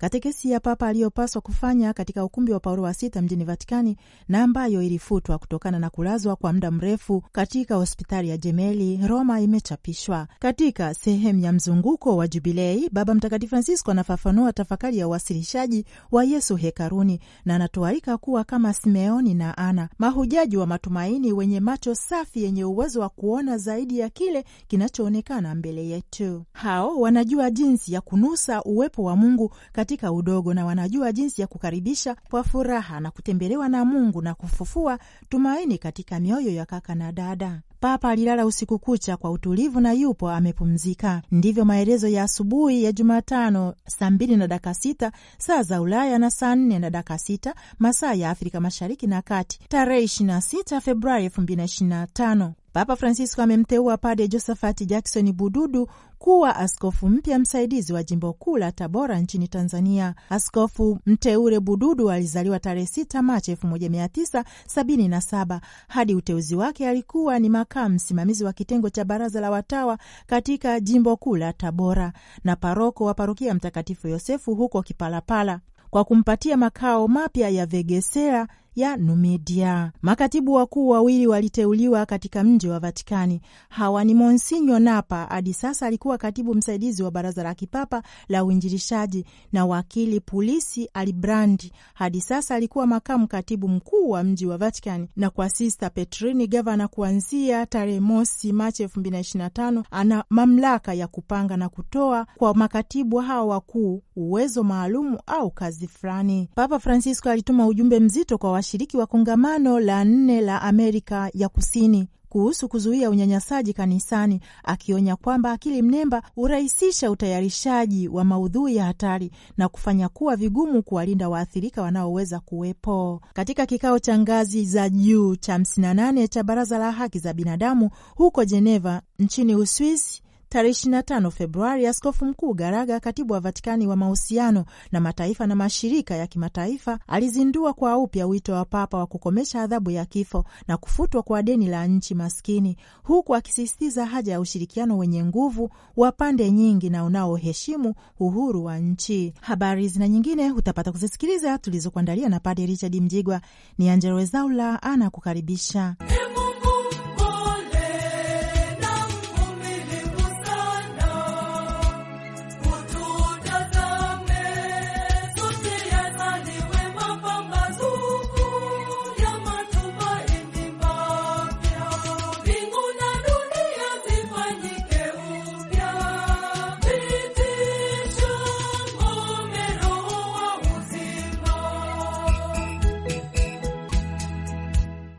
katekesi ya Papa aliyopaswa kufanya katika ukumbi wa Paulo wa sita mjini Vatikani na ambayo ilifutwa kutokana na kulazwa kwa muda mrefu katika hospitali ya Jemeli, Roma, imechapishwa katika sehemu ya mzunguko wa Jubilei. Baba Mtakatifu Francisco anafafanua tafakari ya uwasilishaji wa Yesu hekaruni na anatualika kuwa kama Simeoni na Ana, mahujaji wa matumaini wenye macho safi yenye uwezo wa kuona zaidi ya kile kinachoonekana mbele yetu. Hao wanajua jinsi ya kunusa uwepo wa Mungu katika katika udogo na wanajua jinsi ya kukaribisha kwa furaha na kutembelewa na Mungu na kufufua tumaini katika mioyo ya kaka na dada. Papa alilala usiku kucha kwa utulivu na yupo amepumzika. Ndivyo maelezo ya asubuhi ya Jumatano saa mbili na dakika sita saa za Ulaya na saa nne na dakika sita masaa ya Afrika Mashariki na Kati, tarehe sita Februari tano. Papa Francisco amemteua Pade Josephat Jackson Bududu kuwa askofu mpya msaidizi wa jimbo kuu la Tabora nchini Tanzania. Askofu mteule Bududu alizaliwa tarehe 6 Machi 1977. Hadi uteuzi wake alikuwa ni makamu msimamizi wa kitengo cha baraza la watawa katika jimbo kuu la Tabora na paroko wa parokia Mtakatifu Yosefu huko Kipalapala kwa kumpatia makao mapya ya Vegesera ya Numidia. Makatibu wakuu wawili waliteuliwa katika mji wa Vatikani. Hawa ni Monsinyo Napa, hadi sasa alikuwa katibu msaidizi wa Baraza la Kipapa la Uinjilishaji, na wakili Pulisi Alibrandi, hadi sasa alikuwa makamu katibu mkuu wa mji wa Vatikani, na kwa Sista Petrini gavana kuanzia tarehe mosi Machi tano ana mamlaka ya kupanga na kutoa kwa makatibu hawa wakuu uwezo maalumu au kazi fulani. Papa Francisco alituma ujumbe mzito kwa washiriki wa kongamano la nne la Amerika ya Kusini kuhusu kuzuia unyanyasaji kanisani, akionya kwamba akili mnemba hurahisisha utayarishaji wa maudhui ya hatari na kufanya kuwa vigumu kuwalinda waathirika wanaoweza kuwepo. Katika kikao cha ngazi za juu cha 58 cha Baraza la Haki za Binadamu huko Jeneva nchini Uswisi Tarehe 25 Februari, Askofu Mkuu Garaga, katibu wa Vatikani wa mahusiano na mataifa na mashirika ya kimataifa, alizindua kwa upya wito wa Papa wa kukomesha adhabu ya kifo na kufutwa kwa deni la nchi maskini, huku akisisitiza haja ya ushirikiano wenye nguvu wa pande nyingi na unaoheshimu uhuru wa nchi. Habari zina nyingine utapata kuzisikiliza tulizokuandalia na Padre Richard Mjigwa. Ni Angella Rwezaula anakukaribisha.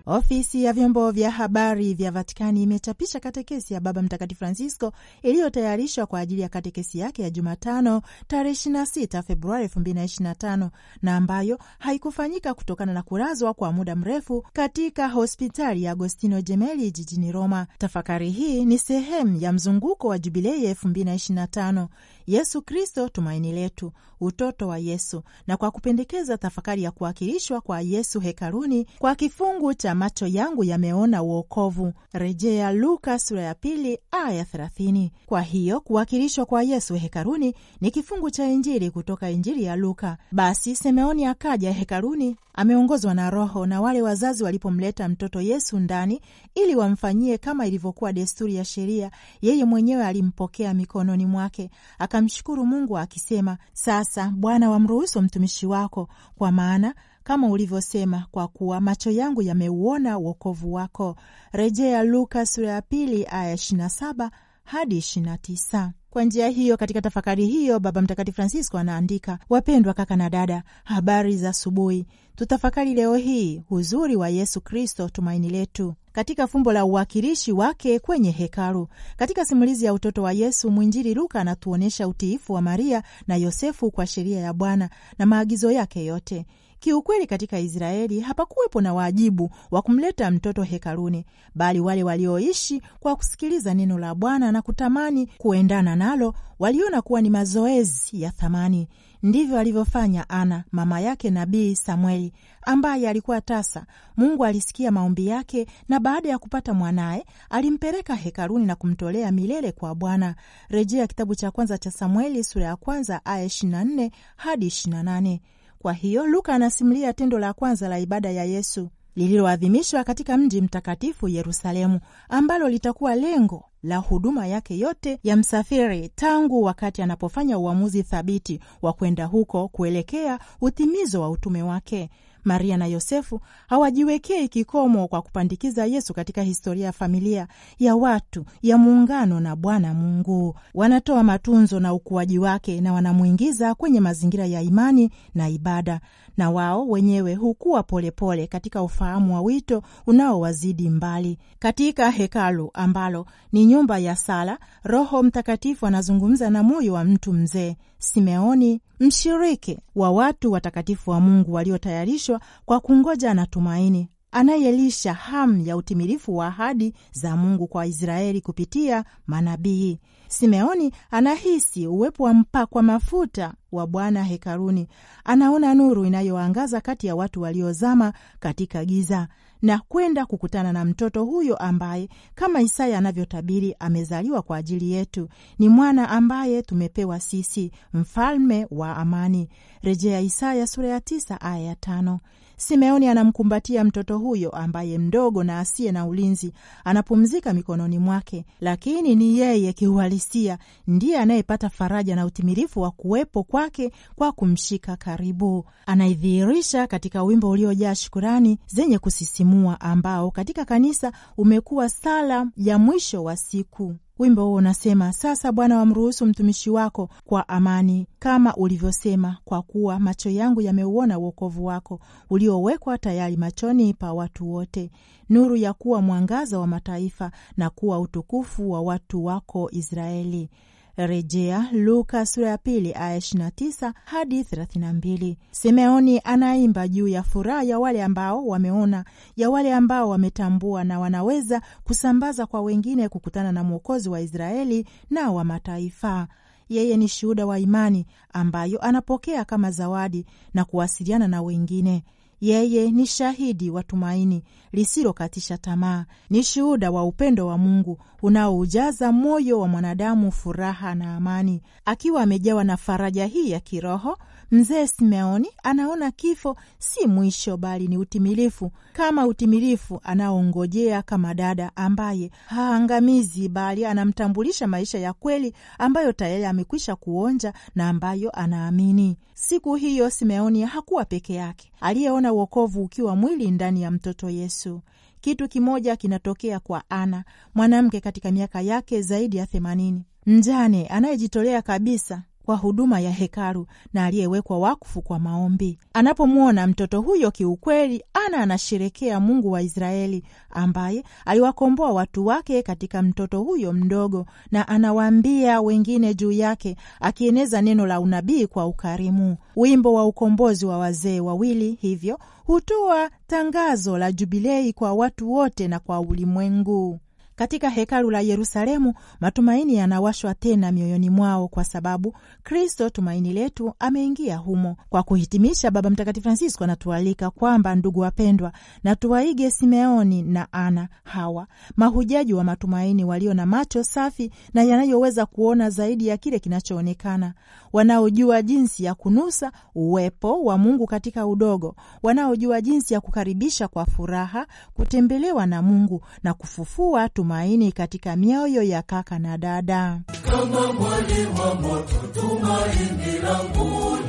Ofisi ya vyombo vya habari vya Vatikani imechapisha katekesi ya Baba Mtakatifu Francisco iliyotayarishwa kwa ajili ya katekesi yake ya Jumatano tarehe 26 Februari 2025 na ambayo haikufanyika kutokana na kulazwa kwa muda mrefu katika hospitali ya Agostino Gemelli jijini Roma. Tafakari hii ni sehemu ya mzunguko wa Jubilei 2025 Yesu Kristo tumaini letu, utoto wa Yesu, na kwa kupendekeza tafakari ya kuwakilishwa kwa Yesu hekaluni kwa kifungu cha macho yangu yameona uokovu, rejea Luka sura ya pili aya thelathini. Kwa hiyo kuwakilishwa kwa Yesu hekaluni ni kifungu cha Injili kutoka Injili ya Luka. Basi Simeoni akaja hekaluni ameongozwa na Roho, na wale wazazi walipomleta mtoto Yesu ndani ili wamfanyie kama ilivyokuwa desturi ya sheria, yeye mwenyewe alimpokea mikononi mwake akamshukuru Mungu akisema, sasa Bwana, wamruhusu mtumishi wako, kwa maana kama ulivyosema, kwa kuwa macho yangu yameuona wokovu wako. Rejea Luka sura ya pili aya saba hadi tisa. Kwa njia hiyo, katika tafakari hiyo, Baba Mtakatifu Francisco anaandika: wapendwa kaka na dada, habari za asubuhi. Tutafakari leo hii uzuri wa Yesu Kristo, tumaini letu katika fumbo la uwakilishi wake kwenye hekalu. Katika simulizi ya utoto wa Yesu, mwinjili Luka anatuonyesha utiifu wa Maria na Yosefu kwa sheria ya Bwana na maagizo yake yote. Kiukweli, katika Israeli hapakuwepo na wajibu wa kumleta mtoto hekaluni, bali wale walioishi kwa kusikiliza neno la Bwana na kutamani kuendana nalo waliona kuwa ni mazoezi ya thamani Ndivyo alivyofanya Ana, mama yake nabii Samueli, ambaye alikuwa tasa. Mungu alisikia maombi yake, na baada ya kupata mwanaye alimpeleka hekaluni na kumtolea milele kwa Bwana. Rejea kitabu cha kwanza cha Samueli sura ya kwanza aya nne hadi nane. Kwa hiyo Luka anasimulia tendo la kwanza la ibada ya Yesu lililoadhimishwa katika mji mtakatifu Yerusalemu, ambalo litakuwa lengo la huduma yake yote ya msafiri tangu wakati anapofanya uamuzi thabiti wa kwenda huko kuelekea utimizo wa utume wake. Maria na Yosefu hawajiwekei kikomo kwa kupandikiza Yesu katika historia ya familia ya watu ya muungano na Bwana Mungu. Wanatoa matunzo na ukuaji wake na wanamwingiza kwenye mazingira ya imani na ibada, na wao wenyewe hukuwa polepole pole katika ufahamu wa wito unaowazidi mbali. Katika hekalu ambalo ni nyumba ya sala, Roho Mtakatifu anazungumza na moyo wa mtu mzee Simeoni, mshiriki wa watu watakatifu wa Mungu waliotayarishwa kwa kungoja na tumaini anayelisha hamu ya utimilifu wa ahadi za Mungu kwa Israeli kupitia manabii. Simeoni anahisi uwepo wa mpakwa mafuta wa Bwana hekaruni, anaona nuru inayoangaza kati ya watu waliozama katika giza na kwenda kukutana na mtoto huyo ambaye kama Isaya anavyotabiri amezaliwa kwa ajili yetu, ni mwana ambaye tumepewa sisi, mfalme wa amani. Rejea Isaya sura ya tisa aya ya tano. Simeoni anamkumbatia mtoto huyo ambaye mdogo na asiye na ulinzi anapumzika mikononi mwake, lakini ni yeye kiuhalisia ndiye anayepata faraja na utimilifu wa kuwepo kwake kwa kumshika karibu. Anaidhihirisha katika wimbo uliojaa shukurani zenye kusisimua ambao katika kanisa umekuwa sala ya mwisho wa siku. Wimbo huo unasema, sasa Bwana wamruhusu mtumishi wako kwa amani, kama ulivyosema, kwa kuwa macho yangu yameuona uokovu wako uliowekwa tayari machoni pa watu wote, nuru ya kuwa mwangaza wa mataifa na kuwa utukufu wa watu wako Israeli. Rejea Luka sura ya pili aya tisa hadi mbili. Simeoni anaimba juu ya furaha ya wale ambao wameona, ya wale ambao wametambua na wanaweza kusambaza kwa wengine kukutana na Mwokozi wa Israeli na wa mataifa. Yeye ni shuhuda wa imani ambayo anapokea kama zawadi na kuwasiliana na wengine. Yeye ni shahidi wa tumaini lisilokatisha tamaa. Ni shuhuda wa upendo wa Mungu unaoujaza moyo wa mwanadamu furaha na amani. Akiwa amejawa na faraja hii ya kiroho, mzee Simeoni anaona kifo si mwisho, bali ni utimilifu, kama utimilifu anaongojea kama dada ambaye haangamizi, bali anamtambulisha maisha ya kweli ambayo tayari amekwisha kuonja na ambayo anaamini. Siku hiyo Simeoni hakuwa peke yake, aliyeona wokovu ukiwa mwili ndani ya mtoto Yesu. Yesu. Kitu kimoja kinatokea kwa Ana, mwanamke katika miaka yake zaidi ya themanini, mjane anayejitolea kabisa kwa huduma ya hekalu na aliyewekwa wakfu kwa maombi. Anapomwona mtoto huyo, kiukweli, Ana anasherekea Mungu wa Israeli ambaye aliwakomboa watu wake katika mtoto huyo mdogo, na anawaambia wengine juu yake, akieneza neno la unabii kwa ukarimu. Wimbo wa ukombozi wa wazee wawili hivyo hutoa tangazo la Jubilei kwa watu wote na kwa ulimwengu. Katika hekalu la Yerusalemu matumaini yanawashwa tena mioyoni mwao, kwa sababu Kristo tumaini letu ameingia humo. Kwa kuhitimisha, Baba Mtakatifu Francisco anatualika kwamba, ndugu wapendwa, na tuwaige Simeoni na Ana, hawa mahujaji wa matumaini, walio na macho safi na yanayoweza kuona zaidi ya kile kinachoonekana, wanaojua jinsi ya kunusa uwepo wa Mungu katika udogo, wanaojua jinsi ya kukaribisha kwa furaha kutembelewa na Mungu na kufufua tumaini tumaini katika mioyo ya kaka na dada, kama mwali wa moto, tumaini la langu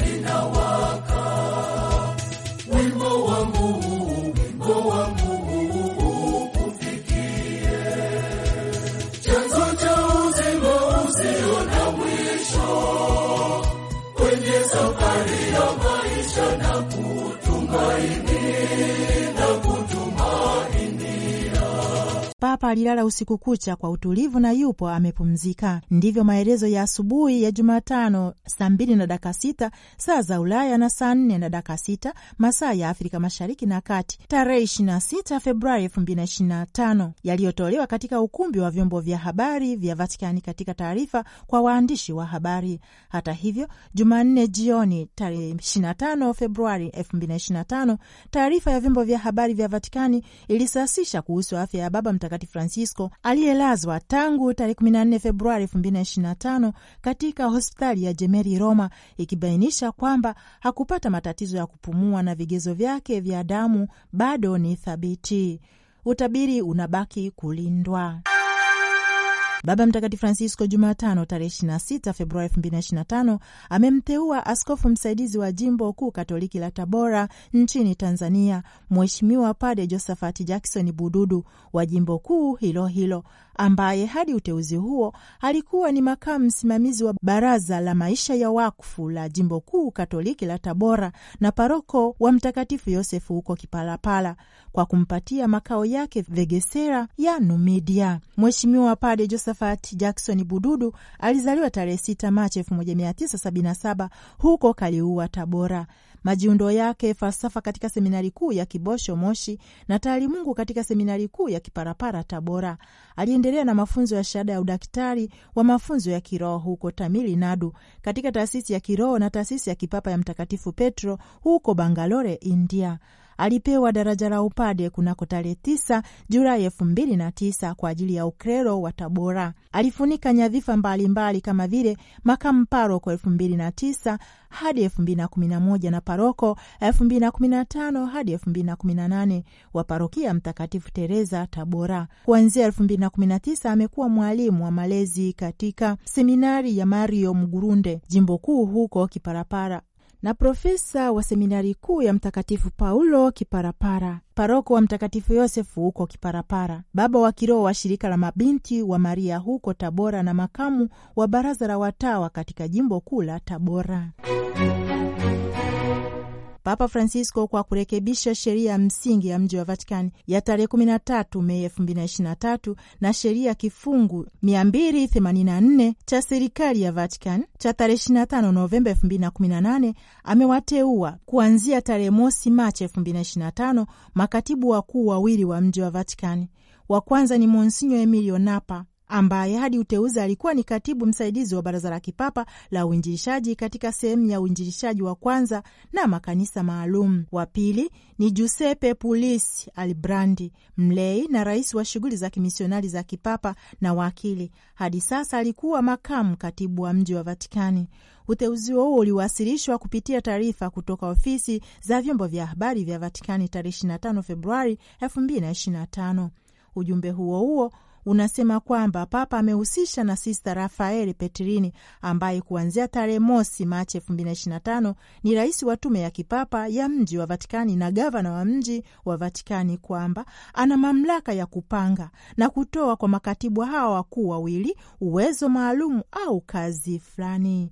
alilala usiku kucha kwa utulivu na yupo amepumzika. Ndivyo maelezo ya asubuhi ya Jumatano saa mbili na dakika sita saa za Ulaya na saa nne na dakika sita masaa ya Afrika Mashariki na Kati, tarehe na sita Februari elfu mbili na na tano yaliyotolewa katika ukumbi wa vyombo vya habari vya Vatikani katika taarifa kwa waandishi wa habari. Hata hivyo, Jumanne jioni tarehe na tano Februari elfu mbili na na tano taarifa ya vyombo vya habari vya Vatikani ilisasisha kuhusu afya ya Baba Mtakatifu Francisco aliyelazwa tangu tarehe 14 Februari 2025 katika hospitali ya jemeri Roma, ikibainisha kwamba hakupata matatizo ya kupumua na vigezo vyake vya damu bado ni thabiti. Utabiri unabaki kulindwa. Baba Mtakatifu Francisco Jumatano tarehe 26 Februari 2025 amemteua askofu msaidizi wa jimbo kuu katoliki la Tabora nchini Tanzania, Mheshimiwa pade Josephat Jackson Bududu wa jimbo kuu hilo hilo ambaye hadi uteuzi huo alikuwa ni makamu msimamizi wa Baraza la Maisha ya Wakfu la Jimbo Kuu Katoliki la Tabora na paroko wa Mtakatifu Yosefu huko Kipalapala, kwa kumpatia makao yake Vegesera ya Numidia. Mheshimiwa Pade Josephat Jackson Bududu alizaliwa tarehe 6 Machi 1977 huko Kaliua, Tabora majiundo yake falsafa katika seminari kuu ya Kibosho Moshi na taalimungu katika seminari kuu ya Kiparapara Tabora. Aliendelea na mafunzo ya shahada ya udaktari wa mafunzo ya kiroho huko Tamili Nadu katika taasisi ya kiroho na taasisi ya kipapa ya Mtakatifu Petro huko Bangalore, India alipewa daraja la upade kunako tarehe 9 Julai 2009 kwa ajili ya ukrero wa Tabora. Alifunika nyadhifa mbalimbali mbali kama vile makamu paroko 2009 hadi 2011 na paroko 2015 hadi 2018 wa parokia Mtakatifu Teresa Tabora. Kuanzia 2019 amekuwa mwalimu wa malezi katika seminari ya Mario Mgurunde, jimbo kuu huko Kiparapara na profesa wa seminari kuu ya Mtakatifu Paulo Kiparapara, paroko wa Mtakatifu Yosefu huko Kiparapara, baba wa kiroho wa shirika la mabinti wa Maria huko Tabora na makamu wa baraza la watawa katika jimbo kuu la Tabora. Papa Francisco kwa kurekebisha sheria ya msingi ya mji wa Vatikani ya tarehe 13 Mei 2023 na sheria kifungu 284 cha serikali ya Vatican cha tarehe 25 Novemba 2018 amewateua kuanzia tarehe mosi Machi 2025 makatibu wakuu wawili wa mji wa Vatikani. Wa kwanza ni Monsinyo Emilio Napa ambaye hadi uteuzi alikuwa ni katibu msaidizi wa Baraza la Kipapa la Uinjilishaji katika sehemu ya uinjilishaji wa kwanza na makanisa maalum. Wa pili ni Giuseppe Pulis Alibrandi, mlei na rais wa shughuli za kimisionari za kipapa na wakili. Hadi sasa alikuwa makamu katibu wa mji wa Vatikani. Uteuzi huo uliwasilishwa kupitia taarifa kutoka ofisi za vyombo vya habari vya Vatikani tarehe 25 Februari 2025. Ujumbe huo huo unasema kwamba Papa amehusisha na Sista Rafaeli Petrini ambaye kuanzia tarehe mosi Machi tano ni rais wa tume ya kipapa ya mji wa Vatikani na gavana wa mji wa Vatikani, kwamba ana mamlaka ya kupanga na kutoa kwa makatibu hawa wakuu wawili uwezo maalum au kazi fulani.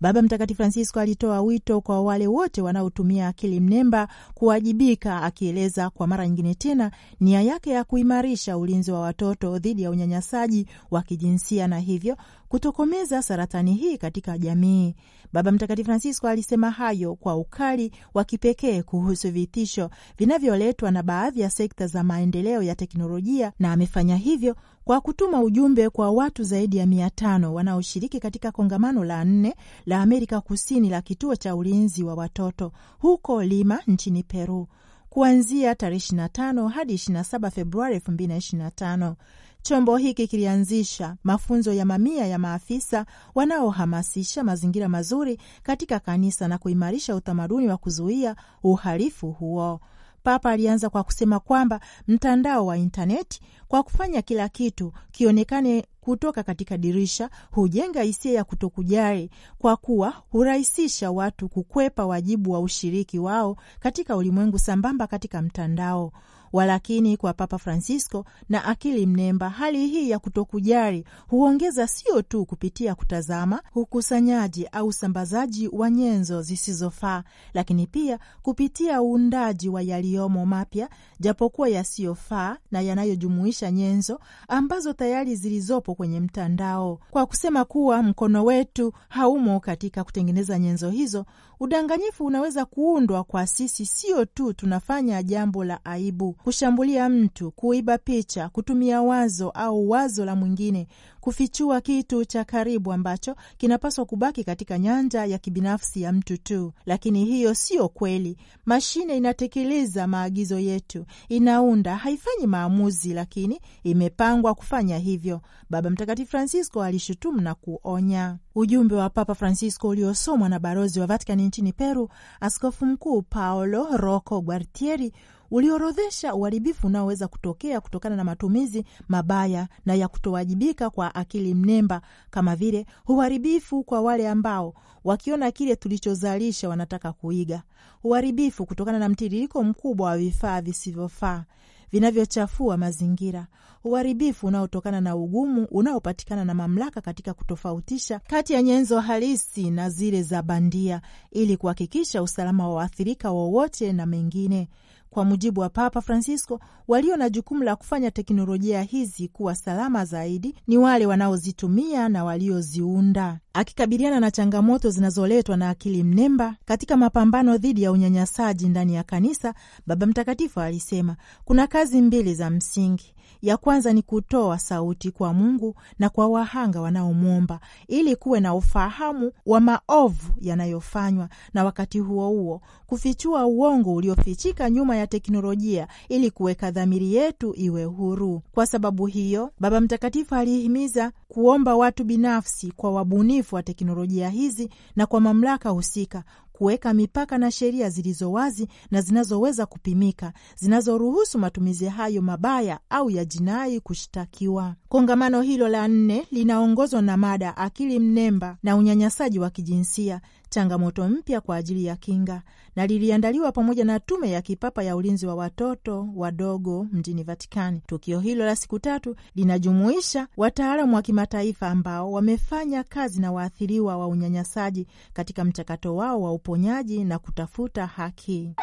Baba Mtakatifu Francisco alitoa wito kwa wale wote wanaotumia akili mnemba kuwajibika, akieleza kwa mara nyingine tena nia yake ya kuimarisha ulinzi wa watoto dhidi ya unyanyasaji wa kijinsia na hivyo kutokomeza saratani hii katika jamii. Baba Mtakatifu Francisco alisema hayo kwa ukali wa kipekee kuhusu vitisho vinavyoletwa na baadhi ya sekta za maendeleo ya teknolojia, na amefanya hivyo kwa kutuma ujumbe kwa watu zaidi ya mia tano wanaoshiriki katika kongamano la nne la Amerika Kusini la kituo cha ulinzi wa watoto huko Lima nchini Peru kuanzia tarehe 25 hadi 27 Februari 2025. Chombo hiki kilianzisha mafunzo ya mamia ya maafisa wanaohamasisha mazingira mazuri katika kanisa na kuimarisha utamaduni wa kuzuia uhalifu huo. Papa alianza kwa kusema kwamba mtandao wa intaneti kwa kufanya kila kitu kionekane kutoka katika dirisha hujenga hisia ya kutokujali kwa kuwa hurahisisha watu kukwepa wajibu wa ushiriki wao katika ulimwengu sambamba katika mtandao. Walakini kwa Papa Francisco na akili mnemba, hali hii ya kutokujali huongeza sio tu kupitia kutazama, ukusanyaji au usambazaji wa nyenzo zisizofaa, lakini pia kupitia uundaji wa yaliyomo mapya, japokuwa yasiyofaa na yanayojumuisha nyenzo ambazo tayari zilizopo kwenye mtandao. Kwa kusema kuwa mkono wetu haumo katika kutengeneza nyenzo hizo, udanganyifu unaweza kuundwa kwa sisi, sio tu tunafanya jambo la aibu kushambulia mtu, kuiba picha, kutumia wazo au wazo la mwingine, kufichua kitu cha karibu ambacho kinapaswa kubaki katika nyanja ya kibinafsi ya mtu tu, lakini hiyo siyo kweli. Mashine inatekeleza maagizo yetu, inaunda, haifanyi maamuzi, lakini imepangwa kufanya hivyo, Baba Mtakatifu Francisco alishutumu na kuonya. Ujumbe wa Papa Francisco uliosomwa na balozi wa Vatikani nchini Peru, Askofu Mkuu Paolo Rocco Guartieri uliorodhesha uharibifu unaoweza kutokea kutokana na matumizi mabaya na ya kutowajibika kwa akili mnemba, kama vile uharibifu kwa wale ambao wakiona kile tulichozalisha wanataka kuiga, uharibifu kutokana na mtiririko mkubwa wa vifaa visivyofaa vinavyochafua mazingira, uharibifu unaotokana na ugumu unaopatikana na mamlaka katika kutofautisha kati ya nyenzo halisi na zile za bandia, ili kuhakikisha usalama wa waathirika wowote na mengine kwa mujibu wa Papa Francisco, walio na jukumu la kufanya teknolojia hizi kuwa salama zaidi ni wale wanaozitumia na walioziunda. Akikabiliana na changamoto zinazoletwa na akili mnemba katika mapambano dhidi ya unyanyasaji ndani ya kanisa, Baba Mtakatifu alisema kuna kazi mbili za msingi: ya kwanza ni kutoa sauti kwa Mungu na kwa wahanga wanaomwomba ili kuwe na ufahamu wa maovu yanayofanywa, na wakati huo huo kufichua uongo uliofichika nyuma ya teknolojia ili kuweka dhamiri yetu iwe huru. Kwa sababu hiyo, Baba Mtakatifu alihimiza kuomba watu binafsi kwa wabunifu wa teknolojia hizi na kwa mamlaka husika kuweka mipaka na sheria zilizo wazi na zinazoweza kupimika zinazoruhusu matumizi hayo mabaya au ya jinai kushtakiwa. Kongamano hilo la nne linaongozwa na mada akili mnemba na unyanyasaji wa kijinsia changamoto mpya kwa ajili ya kinga na liliandaliwa pamoja na tume ya kipapa ya ulinzi wa watoto wadogo mjini Vatikani. Tukio hilo la siku tatu linajumuisha wataalamu wa kimataifa ambao wamefanya kazi na waathiriwa wa unyanyasaji katika mchakato wao wa uponyaji na kutafuta haki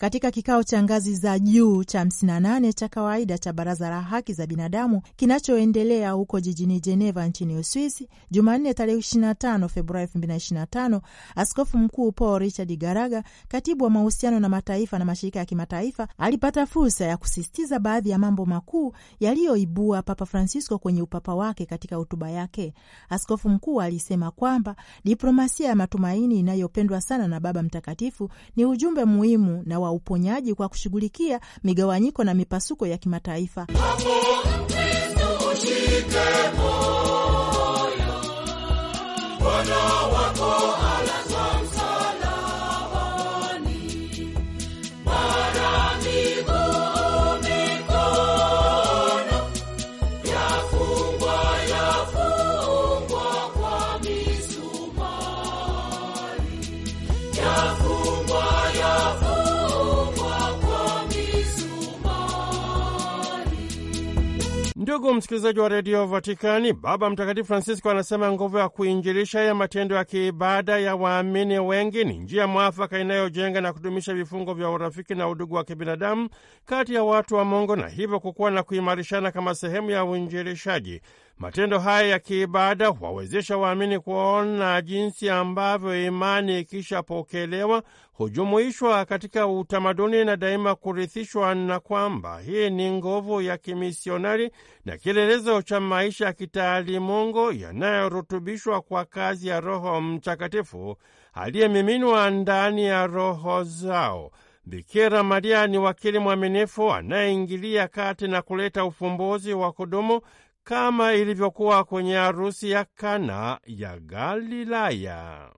katika kikao cha ngazi za juu cha 58 cha kawaida cha Baraza la Haki za Binadamu kinachoendelea huko jijini Jeneva nchini Uswisi Jumanne tarehe 25 Februari 2025, Askofu Mkuu Paul Richard Garaga, katibu wa mahusiano na mataifa na mashirika ya kimataifa, alipata fursa ya kusisitiza baadhi ya mambo makuu yaliyoibua Papa Francisco kwenye upapa wake. Katika hotuba yake, askofu mkuu alisema kwamba diplomasia ya matumaini inayopendwa sana na Baba Mtakatifu ni ujumbe muhimu na wa uponyaji kwa kushughulikia migawanyiko na mipasuko ya kimataifa. Ndugu msikilizaji wa redio Vatikani, Baba Mtakatifu Francisco anasema nguvu ya kuinjilisha ya matendo ya kiibada ya waamini wengi ni njia mwafaka inayojenga na kudumisha vifungo vya urafiki na udugu wa kibinadamu kati ya watu wa Mungu na hivyo kukuwa na kuimarishana kama sehemu ya uinjilishaji. Matendo haya ya kiibada huwawezesha waamini kuona jinsi ambavyo imani ikishapokelewa hujumuishwa katika utamaduni na daima kurithishwa, na kwamba hii ni nguvu ya kimisionari na kielelezo cha maisha ya kitaalimungu yanayorutubishwa kwa kazi ya Roho Mtakatifu aliyemiminwa ndani ya roho zao. Bikira Maria ni wakili mwaminifu anayeingilia kati na kuleta ufumbuzi wa kudumu kama ilivyokuwa kwenye harusi ya Kana ya Galilaya.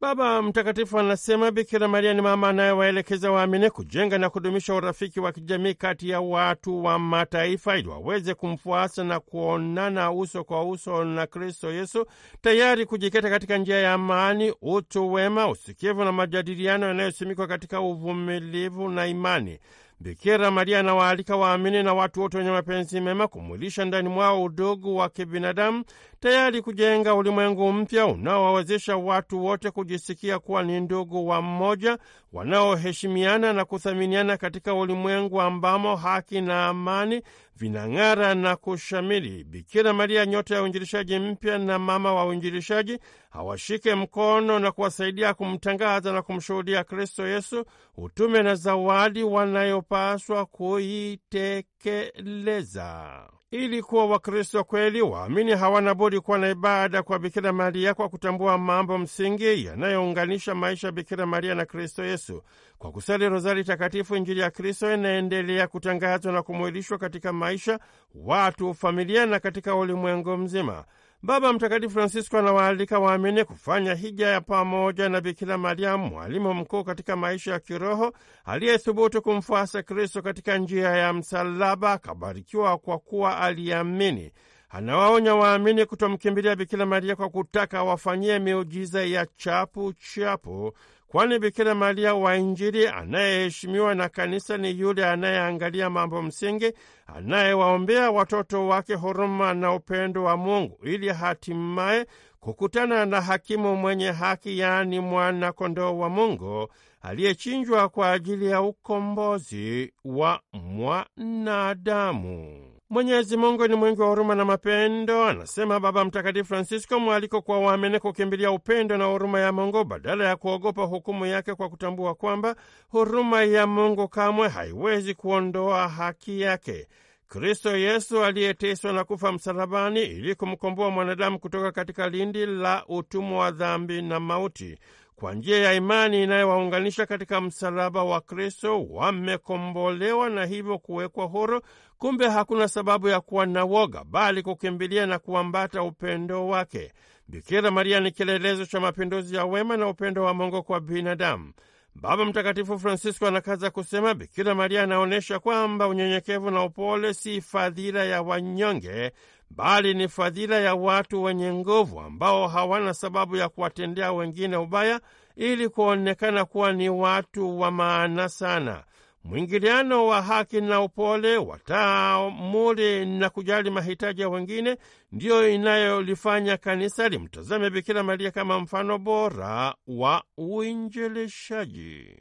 Baba Mtakatifu anasema Bikira Maria ni mama anayewaelekeza waamini kujenga na kudumisha urafiki wa kijamii kati ya watu wa mataifa ili waweze kumfuasa na kuonana uso kwa uso na Kristo Yesu, tayari kujiketa katika njia ya amani, utu wema, usikivu na majadiliano yanayosimikwa katika uvumilivu na imani. Bikira Maria anawaalika waamini na watu wote wenye mapenzi mema kumwilisha ndani mwao udugu wa kibinadamu, tayari kujenga ulimwengu mpya unaowawezesha watu wote kujisikia kuwa ni ndugu wa mmoja, wanaoheshimiana na kuthaminiana katika ulimwengu ambamo haki na amani vinang'ara na kushamiri. Bikira Maria, nyota ya uinjilishaji mpya na mama wa uinjilishaji, hawashike mkono na kuwasaidia kumtangaza na kumshuhudia Kristo Yesu, utume na zawadi wanayopaswa kuitekeleza. Ili kuwa Wakristo kweli, waamini hawana budi kuwa na ibada kwa Bikira Maria kwa kutambua mambo msingi yanayounganisha maisha ya Bikira Maria na Kristo Yesu. Kwa kusali rozari takatifu, Injili ya Kristo inaendelea kutangazwa na kumwilishwa katika maisha, watu, familia na katika ulimwengu mzima. Baba Mtakatifu Francisco anawaalika waamini kufanya hija ya pamoja na Bikira Mariamu, mwalimu mkuu katika maisha ya kiroho aliyethubutu kumfuasa Kristo katika njia ya msalaba, akabarikiwa kwa kuwa aliamini. Anawaonya waamini kutomkimbilia Bikira Maria kwa kutaka wafanyie miujiza ya chapu chapu kwani Bikira Maria wa Injili anayeheshimiwa na kanisa ni yule anayeangalia mambo msingi, anayewaombea watoto wake huruma na upendo wa Mungu ili hatimaye kukutana na hakimu mwenye haki, yaani mwana kondoo wa Mungu aliyechinjwa kwa ajili ya ukombozi wa mwanadamu. Mwenyezi Mungu ni mwingi wa huruma na mapendo, anasema Baba Mtakatifu Francisco. Mwaliko kwa waamini kukimbilia upendo na huruma ya Mungu badala ya kuogopa hukumu yake, kwa kutambua kwamba huruma ya Mungu kamwe haiwezi kuondoa haki yake. Kristo Yesu aliyeteswa na kufa msalabani ili kumkomboa mwanadamu kutoka katika lindi la utumwa wa dhambi na mauti. Kwa njia ya imani inayowaunganisha katika msalaba wa Kristo, wamekombolewa na hivyo kuwekwa huru Kumbe hakuna sababu ya kuwa na woga, bali kukimbilia na kuambata upendo wake. Bikira Maria ni kielelezo cha mapinduzi ya wema na upendo wa Mungu kwa binadamu. Baba Mtakatifu Francisco anakaza kusema, Bikira Maria anaonyesha kwamba unyenyekevu na upole si fadhila ya wanyonge, bali ni fadhila ya watu wenye nguvu ambao hawana sababu ya kuwatendea wengine ubaya ili kuonekana kuwa ni watu wa maana sana mwingiliano wa haki na upole, wataamuli na kujali mahitaji ya wengine, ndiyo inayolifanya kanisa limtazame Bikira Maria kama mfano bora wa uinjilishaji.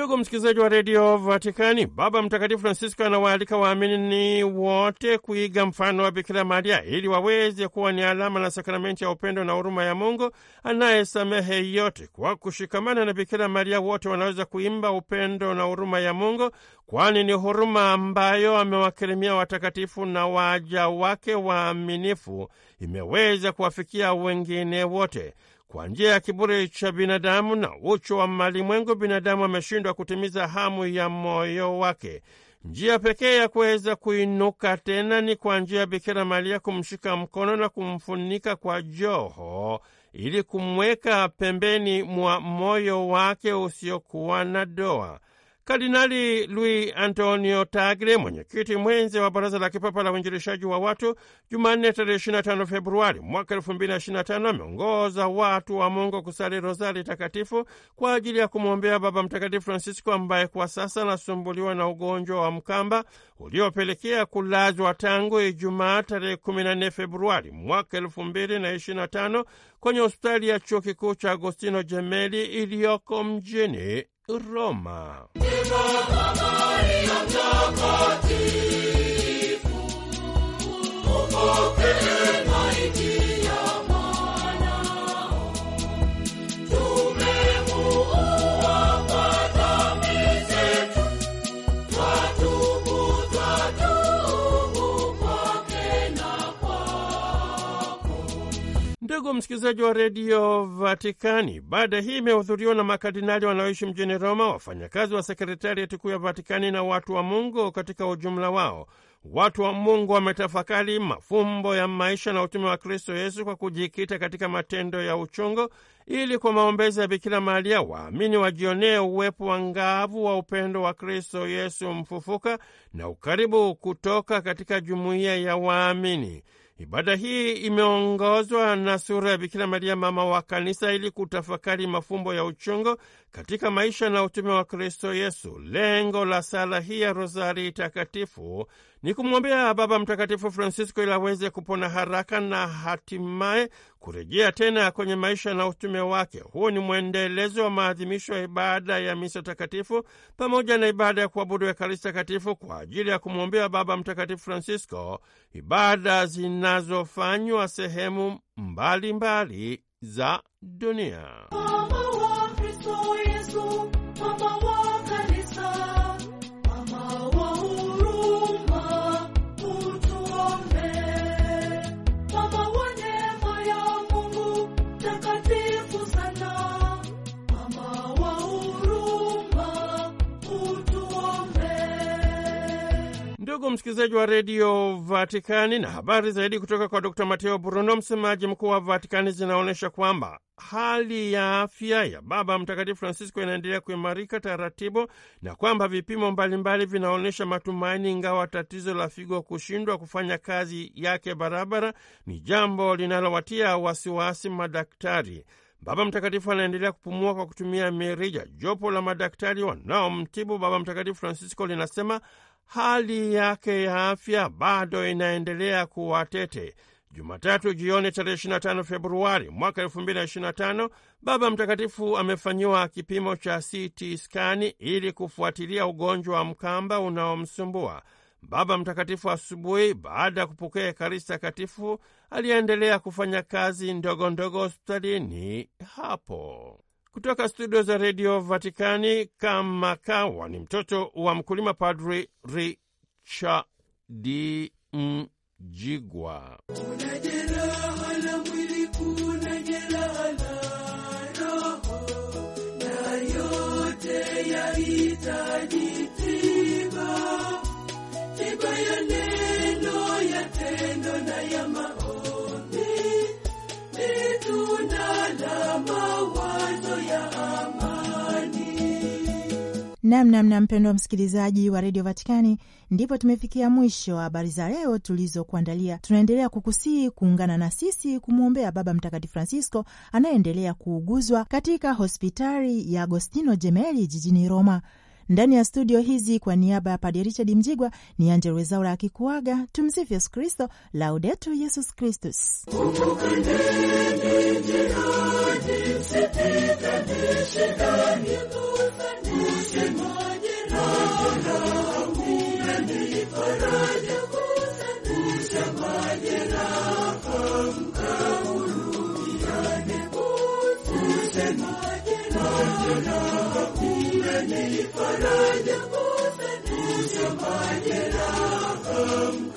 Ndugu msikilizaji wa redio Vatikani, Baba Mtakatifu Francisco anawaalika waamini wote kuiga mfano wa Bikira Maria ili waweze kuwa ni alama na sakramenti ya upendo na huruma ya Mungu anayesamehe yote. Kwa kushikamana na Bikira Maria, wote wanaweza kuimba upendo na huruma ya Mungu, kwani ni huruma ambayo amewakirimia watakatifu na waja wake waaminifu, imeweza kuwafikia wengine wote. Kwa njia ya kiburi cha binadamu na uchu wa malimwengu, binadamu ameshindwa kutimiza hamu ya moyo wake. Njia pekee ya kuweza kuinuka tena ni kwa njia ya Bikira Maria kumshika mkono na kumfunika kwa joho ili kumweka pembeni mwa moyo wake usiokuwa na doa. Kardinali Luis Antonio Tagle, mwenyekiti mwenzi wa Baraza la Kipapa la Uinjilishaji wa Watu, Jumanne tarehe 25 Februari mwaka 2025, ameongoza watu wa Mungu kusali rosari takatifu kwa ajili ya kumwombea Baba Mtakatifu Francisco ambaye kwa sasa anasumbuliwa na ugonjwa wa mkamba uliopelekea kulazwa tangu Ijumaa tarehe 14 Februari mwaka 2025 kwenye hospitali ya chuo kikuu cha Agostino Jemeli iliyoko mjini Roma. Ndugu msikilizaji wa redio Vatikani, baada hii imehudhuriwa na makardinali wanaoishi mjini Roma, wafanyakazi wa sekretarieti kuu ya Vatikani na watu wa Mungu katika ujumla wao. Watu wa Mungu wametafakari mafumbo ya maisha na utume wa Kristo Yesu kwa kujikita katika matendo ya uchungu, ili kwa maombezi ya Bikira Maria waamini wajionee uwepo wa ngavu wa upendo wa Kristo Yesu mfufuka na ukaribu kutoka katika jumuiya ya waamini. Ibada hii imeongozwa na sura ya Bikira Maria, mama wa Kanisa, ili kutafakari mafumbo ya uchungu katika maisha na utume wa Kristo Yesu. Lengo la sala hii ya rosari Takatifu ni kumwombea Baba Mtakatifu Francisco ili aweze kupona haraka na hatimaye kurejea tena kwenye maisha na utume wake. Huu ni mwendelezo wa maadhimisho ya ibada ya misa takatifu pamoja na ibada ya kuabudu Ekaristi takatifu kwa ajili ya kumwombea Baba Mtakatifu Francisco, ibada zinazofanywa sehemu mbalimbali mbali za dunia. msikilizaji wa redio Vatikani, na habari zaidi kutoka kwa Dr Mateo Bruno, msemaji mkuu wa Vatikani, zinaonyesha kwamba hali ya afya ya Baba Mtakatifu Francisco inaendelea kuimarika taratibu na kwamba vipimo mbalimbali vinaonyesha matumaini, ingawa tatizo la figo kushindwa kufanya kazi yake barabara ni jambo linalowatia wasiwasi madaktari. Baba Mtakatifu anaendelea kupumua kwa kutumia mirija. Jopo la madaktari wanaomtibu Baba Mtakatifu Francisco linasema hali yake ya afya bado inaendelea kuwa tete. Jumatatu jioni tarehe 25 Februari mwaka 2025, Baba Mtakatifu amefanyiwa kipimo cha CT skani ili kufuatilia ugonjwa wa mkamba unaomsumbua. Baba Mtakatifu asubuhi, baada ya kupokea Ekaristi Takatifu, aliendelea kufanya kazi ndogo ndogo hospitalini hapo. Kutoka studio za redio Vatikani, kama kawa ni mtoto wa mkulima, Padri Richard Mjigwa. Namnamna mpendwa msikilizaji wa redio Vatikani, ndipo tumefikia mwisho wa habari za leo tulizokuandalia. Tunaendelea kukusii kuungana na sisi kumwombea Baba Mtakatifu Francisco anayeendelea kuuguzwa katika hospitali ya Agostino Jemeli jijini Roma. Ndani ya studio hizi kwa niaba ya Padre Richard Mjigwa ni Angella Rwezaura akikuaga. Tumsifu Yesu Kristo, Laudetur Yesus Kristus. Nipe faraja, uponye majeraha